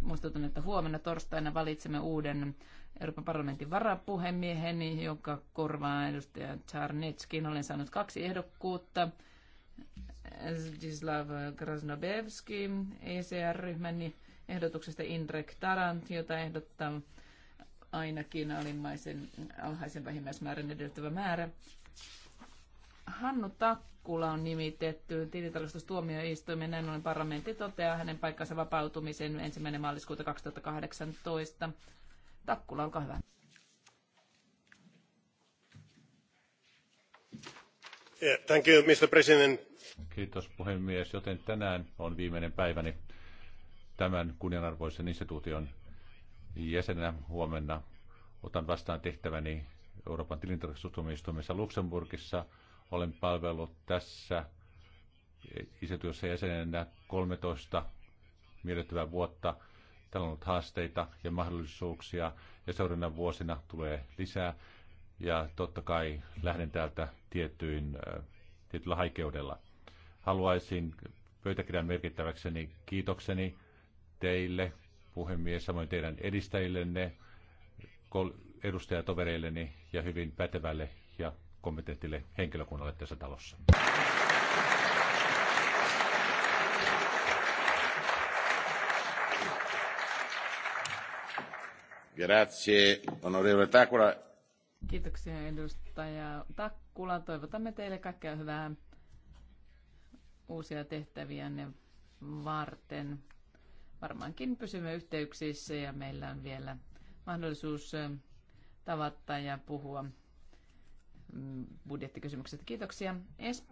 Muistutan, että huomenna torstaina valitsemme uuden Euroopan parlamentin varapuhemiehen, joka korvaa edustaja Czarneckin. Olen saanut kaksi ehdokkuutta. Zdislav Krasnobevski ECR-ryhmän ehdotuksesta Indrek Tarant, jota ehdottaa ainakin alimmaisen alhaisen vähimmäismäärän edellyttävä määrä. Hannu Takkula on nimitetty tilintarkastustuomioistuimen, näin ollen parlamentti toteaa hänen paikkansa vapautumisen ensimmäinen maaliskuuta 2018. Takkula, olkaa hyvä. Yeah, thank you, Mr. President. Kiitos puhemies, joten tänään on viimeinen päiväni tämän kunnianarvoisen instituution jäsenenä huomenna. Otan vastaan tehtäväni Euroopan tilintarkastustuomioistuimessa Luxemburgissa – olen palvellut tässä isätyössä jäsenenä 13 miellyttävää vuotta. Täällä on ollut haasteita ja mahdollisuuksia ja seuraavina vuosina tulee lisää. Ja totta kai lähden täältä tiettyyn, tietyllä haikeudella. Haluaisin pöytäkirjan merkittäväkseni kiitokseni teille, puhemies, samoin teidän edistäjillenne, edustajatovereilleni ja hyvin pätevälle ja kompetentille henkilökunnalle tässä talossa. Grazie, onorevole Takula. Kiitoksia edustaja Takkula. Toivotamme teille kaikkea hyvää uusia ne varten. Varmaankin pysymme yhteyksissä ja meillä on vielä mahdollisuus tavata ja puhua budjettikysymyksestä. Kiitoksia Espanja.